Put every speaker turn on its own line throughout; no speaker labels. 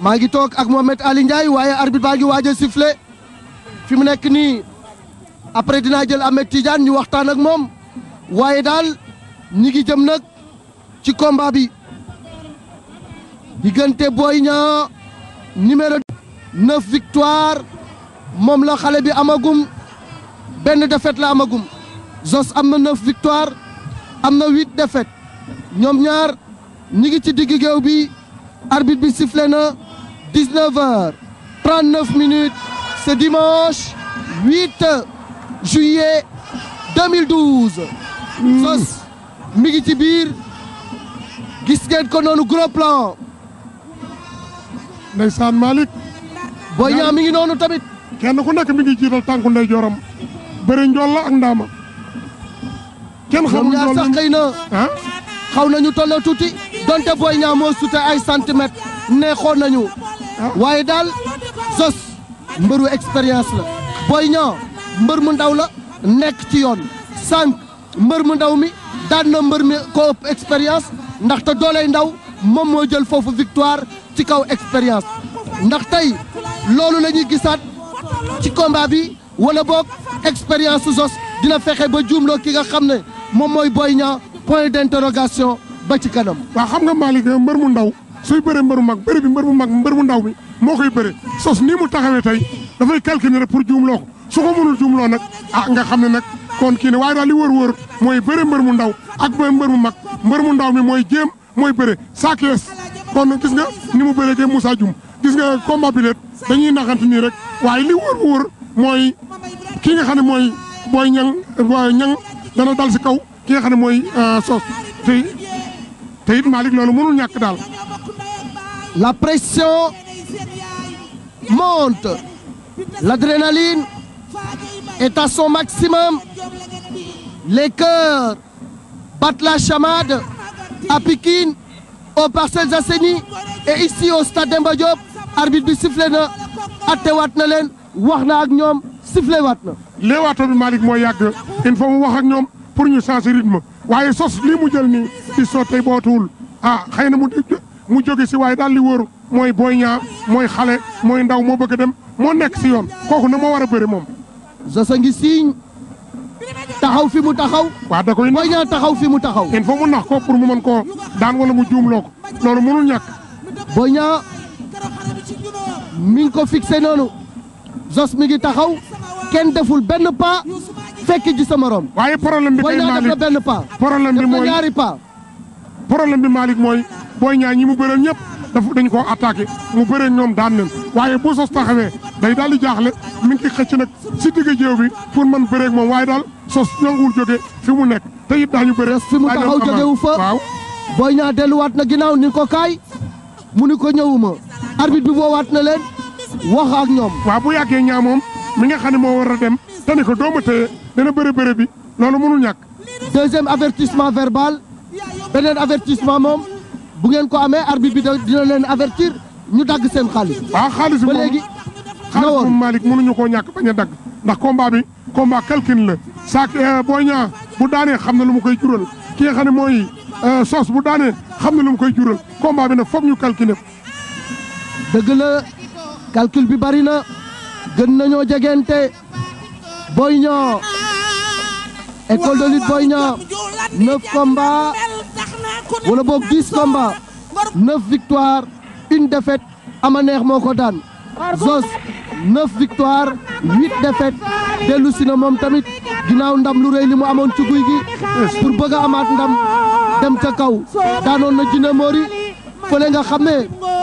maa ngi toog ak Mohamed Ali Ndiaye waaye arbitre baa ngi waaj a fi mu nekk nii après dinaa jël Ahmed Tidiane ñu waxtaan ak moom waaye daal ñi ngi jëm nag ci combat bi diggante booy ñaa numéro neuf victoire moom la xale bi amagum benn défaite la amagum Zoss am na neuf victoire am na huit defet ñoom ñaar ñi ngi ci digg géew bi arbitre bi sifflé na 19h39 minutes ce dimanche 8 juillet 2012. Mm. mi ngi ci biir gis ngeen ko noonu gros
plan. ndeysaan Malick. Boy Niang mi ngi noonu tamit. kenn ku nekk mi ngi jiital tànku ndeyjooram. bëri njool la ak ndaama. kenn xamul njool sax na. xaw nañu tolloo tuuti. donte Boy Niang moo
sute ay centimètres. neexoon nañu. waaye daal Zoss mbëru expérience la Boy Niang mbër mu ndaw la nekk ci yoon sànq mbër mu ndaw mi daan na mbër mi ko ëpp expérience ndaxte dooley ndaw moom moo jël foofu victoire ci kaw expérience ndax tey loolu lañuy ñuy gisaat ci combat bi wala boog expérience su Zoss dina fexe ba juumloo ki nga xam ne
moom mooy Boy ñaa point d'interrogation ba ci kanam. waa xam nga Malick mbër mu ndaw. suy bëree mbër bu mag bëri bi mbër mu mag mbër mu ndaw mi moo koy bëri sos nii mu taxawee tey dafay calculer rek pour juumloo ko su ko mënul juumloo nag ah nga xam ne nag kon kii ne waaye daal li wër-wër mooy bëri mbër mu ndaw ak bëri mbër mu mag mbër mu ndaw mi mooy jéem mooy bëri saa kees kon gis nga ni mu bëree kee Moussa Dioum gis nga combat bi dañuy naxante nii rek waaye li wër-wër mooy ki nga xam ne mooy booy ñang booy ñang dana dal si kaw k xam ne mooy euh, sos te te it Malick loolu mënul ñàkk daal La pression monte.
L'adrénaline est à son maximum. Les cœurs battent la chamade à Pikine, aux Parcelles Assainies et ici au stade Demba Diop. bi sifflé na attewaat na leen
wax na ak ñoom sifflé waat na. watoo bi Malick moo yàgg il faut mu wax ak ñoom pour ñu changer rythme waaye sos lii mu jël nii il soo tey bootuwul ah xëy na mu mu jóge si waaye daal li wóoru mooy booy ñaa mooy xale mooy ndaw moo bëgg a dem moo nekk si yoon kooku na moo war a bëri moom. Zosa ngi siiñ taxaw fi mu taxaw. waaw da koy booy ñaa taxaw fi mu taxaw. il faut mu nax ko pour mu man koo daan wala mu juumloo ko loolu mënul ñàkk. booy ñaa ko fixé noonu
Zos mi ngi taxaw kenn deful benn pas fekk ji sa morom. waaye problème bi kay Malick benn
pas. problème bi mooy def na ñaari pas. problème bi Malick mooy. booy ñaa ñi mu bëreel ñëpp dafa dañ koo attaqué mu bëreel ñoom daan leen waaye bu sos taxawee day daal di jaaxle mi ngi xëcc nag si digg jéew bi pour man bëreeg moom waaye daal sos nanguwul jóge fi mu nekk te it daañu bëree fi mu taxaw jógewu fa waaw booy ñaa delluwaat na ginnaaw ni ko kaay mu ni ko ñëwuma arbitre bi woowaat na leen wax ak ñoom waaw bu yàggee ñaa moom mi nga xam ne moo war a dem te ni ko dooma téye dana bëre bëre bi loolu mënul ñàkk deuxième avertissement verbal beneen avertissement moom bu ngeen ko amee arbitre bi dina leen avertir ñu dagg seen xaalis. waaw ah, xaalis moom ba léegi. xaalis moom Malick mënuñu koo ñàkk bañ a dagg. ndax combat bi combat calcul la. saak eh, booy ñaa bu daanee xam na lu mu koy jural ki ne mooy eh, sos bu daanee xam na lu mu koy jural combat bi nag foog ñu calculer ko. dëgg la calcul bi bari na gën
nañoo jegente Boy Niang école de lutte Boy Niang neuf wala boog 10 combats 9 victoires une défaite ama neex moo ko daan Zos 9 victoires 8 défaites dellu si na moom tamit ginnaaw ndam lu rëy li mu amoon ci guy gi pour bëgg a amaat ndam dem ca kaw daanoon na Djina Mori fële nga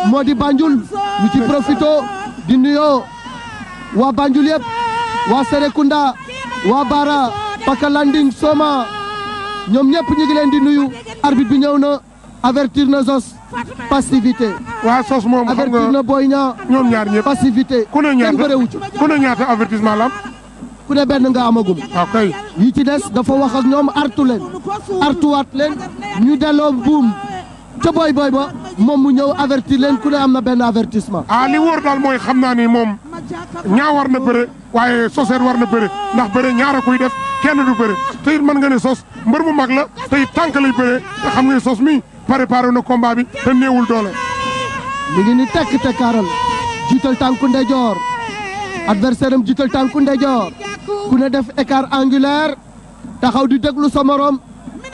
moo di Banjul ñu ci profito di nuyoo waa Banjul yëpp waa Serekunda waa Bara Pakalanding Soma ñoom ñëpp ñu ngi leen di nuyu arbitre bi ñëw na avertir na Zoss passivité. waaw Zoss moom xam nga avertir na booy Niang ñoom ñaar ñëpp passivité. ku ne ñaata ku ne ñaata avertissement la am. ku ne benn nga amagum. waaw yi ci des dafa wax ak ñoom artu leen artuwaat leen ñu delloo buum ca boy boy ba moom mu
ñëw avertir leen ku ne am na benn avertissement. ah li wóor daal mooy xam naa ni moom ñaa war na bëre waaye soseer war na bëre ndax bëre ñaara kuy def kenn du bëre te it mën nga ne sos. mbër mu mag la tey tànk lay bëree te xam nga sos mi préparé na combat bi te néewul doole. mi ngi ni tekk tekkaaral jiital tànku ndejoor
adversaire am jiital tànku ndeyjoor ku ne def écart angulaire taxaw di déglu sa morom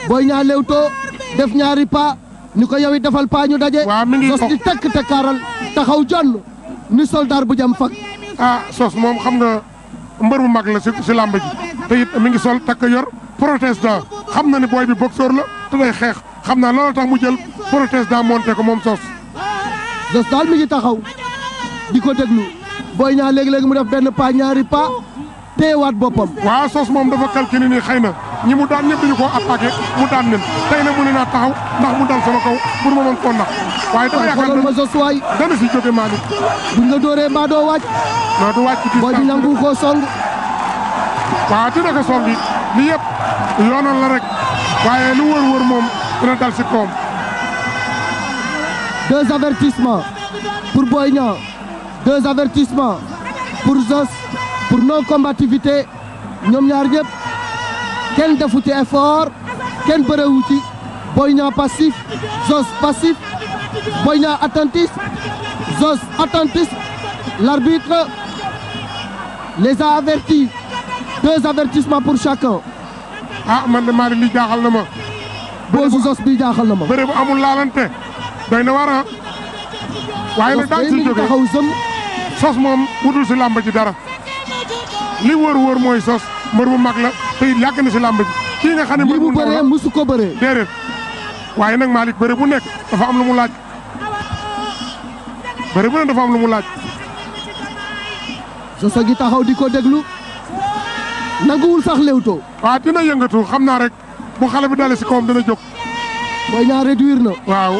booy ñaar lewtoo def ñaari pas ni ko yow it defal paa ñu daje. waaw mi
ngi sos di tekk tekkaaral taxaw jonn ni soldaar bu jam fag. ah sos moom xam nga mbër mu mag la si si làmb ji te it mi ngi sol takk yor protestant. xam na ne booy bi boxeur la te day xeex xam naa loolu tax mu jël prothèse daa monté ko moom sos. Zoss daal mi ngi taxaw di ko déglu booy ñaa léegi-léegi mu def benn pas ñaari pas téyewaat boppam. waaw sos moom dafa calculé ni xay na ñi mu daan ñëpp dañu koo attaqué mu daan nen tey nag mu ne naa taxaw ndax mu dal sama kaw pour ma mën koo nax. waaye dafa yaakaar ma Zoss waay dana jóge Malick. buñ la dooree mbaa doo wàcc. non du wàcc ci booy bi waaw tuddee ko soog bi yoonal la rek waaye lu wër-wër moom dina dal si koom.
deux avertissements pour Boy Niang deux avertissements pour Zoss pour non combativité ñoom ñaar ñëpp kenn defu ci effort kenn bërewu ci Boy Niang passif Zoss passif Boy Niang attentif Zoss l'arbitre
les a deux avertissements pour chacun. ah man de maa li jaaxal na ma. boosu sos bi jaaxal na ma. bëre bu amul laalante doy na war a. Ah. waaye nag daal si taxaw sën. sos moom wutul si làmb ji dara li wóor-wóor mooy sos mbër bu mag la te yàgg na si làmb ji. kii nga xam ne mbër bu bëree musu ko bëree. déedéet waaye nag Malick bëre bu nekk dafa am lu mu laaj bëre bu nekk dafa am lu mu laaj. soso gi taxaw di ko déglu. nanguwul sax léwtoo. waaw dina yëngatu xam naa rek bu xale bi dalee si kawam dina jóg. Boy Niang réduire na. waaw.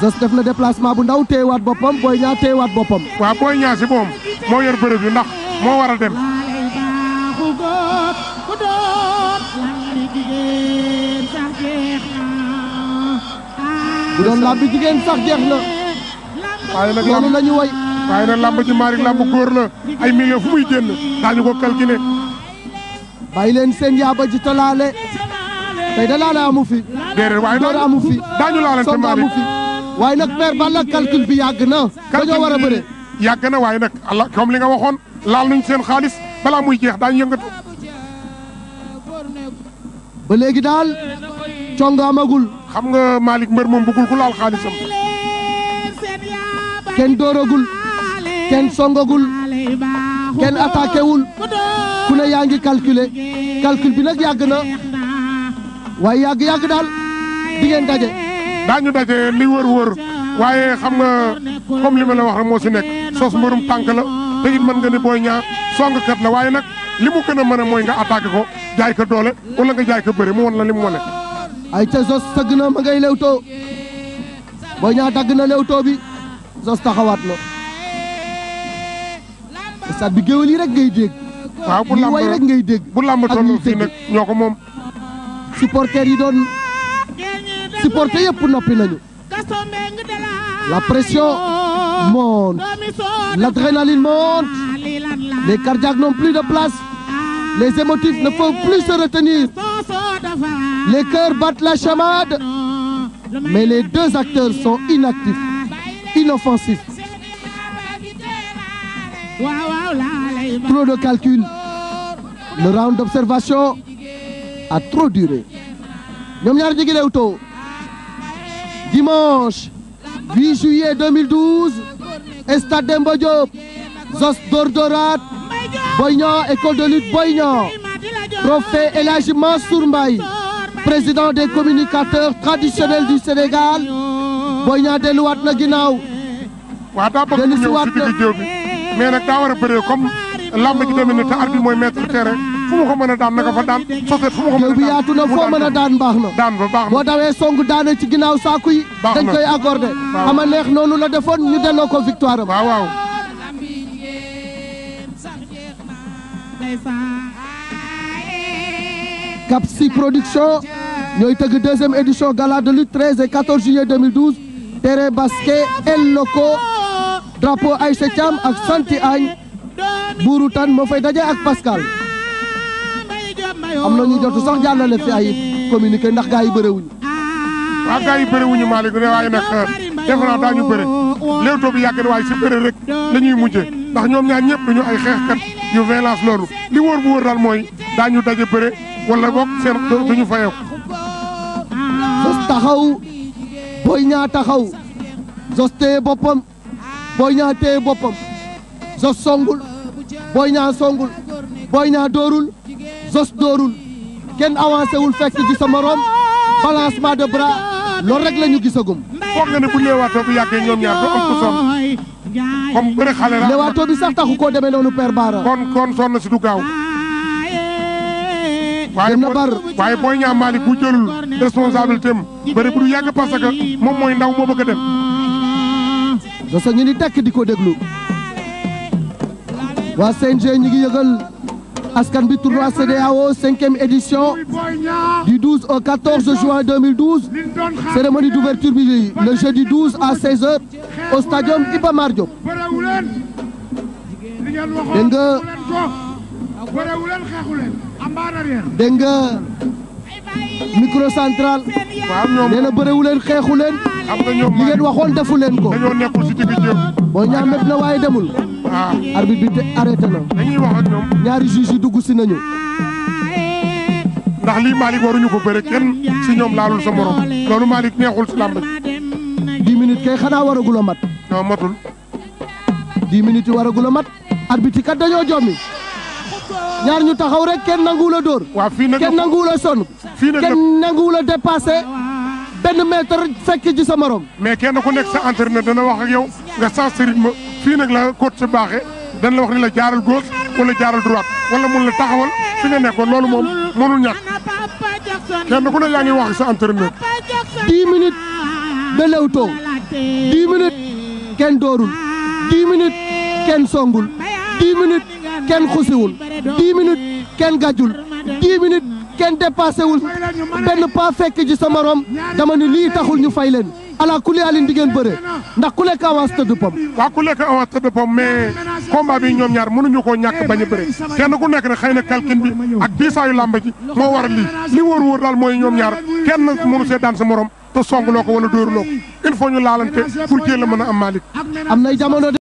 Zoss def na déplacement bu ndaw teewaat boppam Boy Niang téyewaat boppam. waaw Boy Niang si moom moo yor
bërëb yi ndax moo war a dem. bu doon laaj bi jigéen sax jeex na. waaye nag làmb ji maari làmb góor la ay millions fu muy génn daañu ko calculer. bàyyi leen seen yaaba ji talaale tey da laale amu fi. déedéet waaye daañu amu fi daañu laalante maari fi. waaye nag père ban la calcul bi yàgg na. dañoo war a bëre na waaye nag allah comme li nga waxoon laal nañ seen xaalis balaa muy jeex daañu yëngatu. ba léegi daal conga amagul. xam nga Malick mbër moom bëggul ku laal xaalisam. kenn dooragul. kenn songagul
kenn attaqué wul ku ne yaa ngi calculer calcul bi nag yàgg na
waaye yàgg yàgg daal di ngeen daje. daañu daje li wër-wër waaye xam nga comme li ma la wax rek moo si nekk sos mbërum tànk la te it mën nga ni booy ñaar songkat la waaye nag li mu gën a mën a mooy nga attaqué ko jaay ko doole wala nga jaay ko bëre mu won la li mu wane. ay ca sos sëgg na ma ngay lewtoo
booy ñaar dagg na lewtoo bi sos taxawaat na. stade bi géwél yi rek ngay dégg. waaw bu làmb way rek ngay dégg. bu làmb toll fii moom. supporters yi doon supporter yëpp noppi nañu.
la pression monte l'adrénaline
monte les cardiaques n'ont plus de place les émotifs ne peuvent plus se les cœurs battent la chamade mais les deux acteurs sont inactifs inoffensifs Trop de calcul. Le round d'observation a trop duré. ñoom ñaar ñu ngi dimanche juillet 2012 stade Demba Zos Dordorat Boy école de lutte Boy Niang trophée El Mbaye président des communicateurs traditionnels du Sénégal Boy
Niang delluwaat na ginnaaw dellusiwaat mais nag daa war a bëree comme lamb ji demee ne te arbitre mooy maître terrain fu mu ko mën a daan naka fa daan soset fu mu a daan yaatu na foo mën a daan baax na daan ba baax na boo dawee song daane ci ginnaaw saaku yi dañ koy accordé ama
neex noonu la defoon ñu delloo ko victoire am waaw waaw Cap tëgg deuxième édition gala de lutte 13 et 14 juillet 2012 El Loco drapeau Aïcha Thiam ak Santi Agne buuru tan moo fay daje ak Pascal am na ñu jotu sax jàllale fi ay communiqué ndax gaa yi bëriwuñu.
waaw gaa yi bëriwuñu Malick ne waaye nag defe naa daañu bëri léewtoo bi yàgg na waaye si bëri rek la mujje ndax ñoom ñaar ñëpp ñu ay xeexkat yu violence loolu li wóor bu wóor daal mooy daañu daje bëre wala boog seen duñu fayeeku. Zos taxaw Boy Niang taxaw
Zos téye boppam. Boy Niang téye boppam Zoss songul Boy ñaa songul Boy ñaa dóorul Zoss dóorul kenn avancé wul fekk ci sa morom balancement de bras loolu rek la ñu gisagum. foog nga ne bu leewaatoo
bi yàggee ñoom ñaar doo am ku sonn comme bëri xale la. bi sax taxu koo demee noonu père Baara. kon kon sonn si du gaaw. dem na bar waaye Boy Niang Malick bu jëlul responsabilité am bëri bu du yàgg parce moom mooy ndaw moo bëgg a dem. Ndoso ñu ni tekk di ko déglu
waa CNG ñu ngi yëgal askan bi tournoi CEDEAO cinquième édition du 12 au 14 juin 2012 o d'ouverture bi le jeudi 12 à 16 heures au stadium Iba Mar Diop dégg nga dégg nga micro central. waaw ñoom nee na leen xeexu leen. am nga ñoom li ngeen waxoon defu leen ko. dañoo nekkul si digg jëm. boo ñaar met na waaye demul. waaw arbitre bi te
arrêté ñaari juge yi dugg si nañu. ndax lii Malick waruñu ko bëre kenn si ñoom laalul sa morom loolu Malick neexul si làmb ji. 10 minutes kay xanaa waragul a mat. non matul. 10 minutes yi waragul a mat. arbitre
kat dañoo jommi. ñaar ñu taxaw rek kenn nanguwul a dóor. waaw fii nag kenn nanguwul a
fii nag kenn nanguwul a dépassé benn mètre fekk ci sa morom. mais kenn ku nekk sa entraîneur dana wax ak yow nga sens rythme fii nag la coach sa baaxee dana la wax ni la jaaral gauche wala jaaral droite wala mun la taxawal fi nga nekkoon loolu moom mënul ñàkk kenn ku ne yaa ngi wax ak sa entraîneur. dix minutes de Leewtoo
dix minutes kenn doorul dix minutes kenn songul dix minutes kenn xusiwul dix minutes kenn gàjjul kenn dépassé wul benn fekk ji sa dama ni lii taxul ñu fay ala ku liyaalin
bëre ndax ku lekk tëdd pom waaw ku lekk tëdd pom mais combat bi ñaar mënuñu koo bañ a bëre kenn ku nekk na calcul bi ak diisaayu làmb moo war lii li wóor wóor daal mooy ñoom ñaar kenn mënu see daan sa morom wala dóoruloo ko il laalante pour jéem a mën am nay jamono